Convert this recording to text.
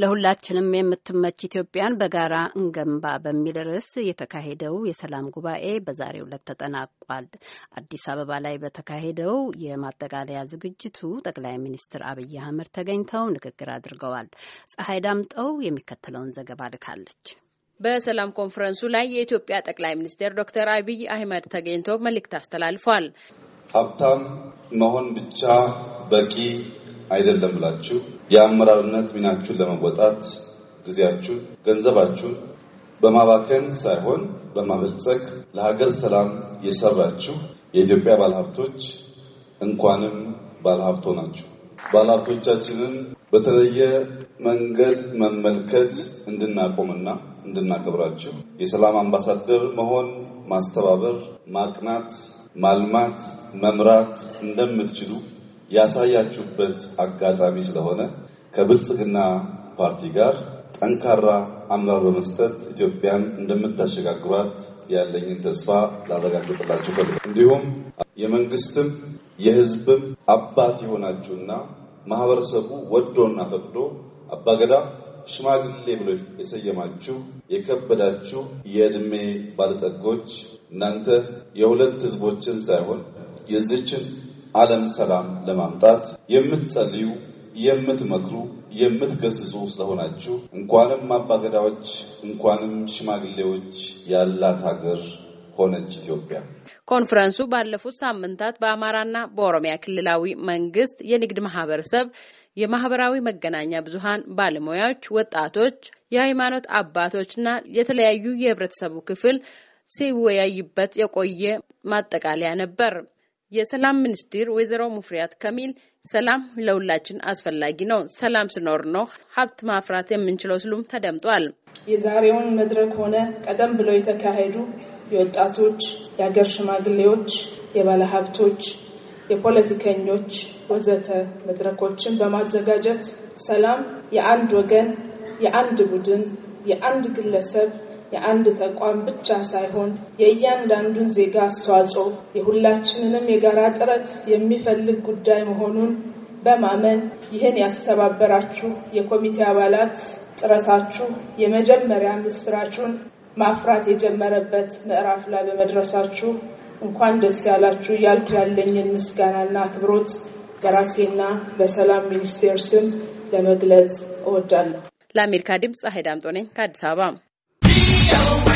ለሁላችንም የምትመች ኢትዮጵያን በጋራ እንገንባ በሚል ርዕስ የተካሄደው የሰላም ጉባኤ በዛሬው ዕለት ተጠናቋል። አዲስ አበባ ላይ በተካሄደው የማጠቃለያ ዝግጅቱ ጠቅላይ ሚኒስትር አብይ አህመድ ተገኝተው ንግግር አድርገዋል። ፀሐይ ዳምጠው የሚከተለውን ዘገባ ልካለች። በሰላም ኮንፈረንሱ ላይ የኢትዮጵያ ጠቅላይ ሚኒስትር ዶክተር አብይ አህመድ ተገኝተው መልእክት አስተላልፏል። ሀብታም መሆን ብቻ በቂ አይደለም ብላችሁ የአመራርነት ሚናችሁን ለመወጣት ጊዜያችሁን፣ ገንዘባችሁን በማባከን ሳይሆን በማበልጸግ ለሀገር ሰላም የሰራችሁ የኢትዮጵያ ባለሀብቶች እንኳንም ባለሀብቶ ናችሁ። ባለሀብቶቻችንን በተለየ መንገድ መመልከት እንድናቆምና እንድናከብራችሁ የሰላም አምባሳደር መሆን ማስተባበር፣ ማቅናት፣ ማልማት፣ መምራት እንደምትችሉ ያሳያችሁበት አጋጣሚ ስለሆነ ከብልጽግና ፓርቲ ጋር ጠንካራ አመራር በመስጠት ኢትዮጵያን እንደምታሸጋግሯት ያለኝን ተስፋ ላረጋግጥላችሁ ፈልጋለሁ። እንዲሁም የመንግስትም የህዝብም አባት የሆናችሁና ማህበረሰቡ ወዶና ፈቅዶ አባገዳ ሽማግሌ ብሎ የሰየማችሁ የከበዳችሁ የዕድሜ ባለጠጎች እናንተ የሁለት ህዝቦችን ሳይሆን የዚችን ዓለም ሰላም ለማምጣት የምትጸልዩ፣ የምትመክሩ፣ የምትገስጹ ስለሆናችሁ እንኳንም አባገዳዎች እንኳንም ሽማግሌዎች ያላት ሀገር ሆነች ኢትዮጵያ። ኮንፈረንሱ ባለፉት ሳምንታት በአማራና በኦሮሚያ ክልላዊ መንግስት የንግድ ማህበረሰብ፣ የማህበራዊ መገናኛ ብዙሃን ባለሙያዎች፣ ወጣቶች፣ የሃይማኖት አባቶችና የተለያዩ የህብረተሰቡ ክፍል ሲወያይበት የቆየ ማጠቃለያ ነበር። የሰላም ሚኒስትር ወይዘሮ ሙፍሪያት ከሚል ሰላም ለሁላችን አስፈላጊ ነው፣ ሰላም ሲኖር ነው ሀብት ማፍራት የምንችለው ሲሉም ተደምጧል። የዛሬውን መድረክ ሆነ ቀደም ብለው የተካሄዱ የወጣቶች፣ የሀገር ሽማግሌዎች፣ የባለሀብቶች፣ የፖለቲከኞች ወዘተ መድረኮችን በማዘጋጀት ሰላም የአንድ ወገን፣ የአንድ ቡድን፣ የአንድ ግለሰብ የአንድ ተቋም ብቻ ሳይሆን የእያንዳንዱን ዜጋ አስተዋጽኦ የሁላችንንም የጋራ ጥረት የሚፈልግ ጉዳይ መሆኑን በማመን ይህን ያስተባበራችሁ የኮሚቴ አባላት ጥረታችሁ የመጀመሪያ ምስራችሁን ማፍራት የጀመረበት ምዕራፍ ላይ በመድረሳችሁ እንኳን ደስ ያላችሁ እያልኩ ያለኝን ምስጋናና አክብሮት በራሴና በሰላም ሚኒስቴር ስም ለመግለጽ እወዳለሁ። ለአሜሪካ ድምፅ ሀይድ አምጦ ነኝ ከአዲስ አበባ። show. me.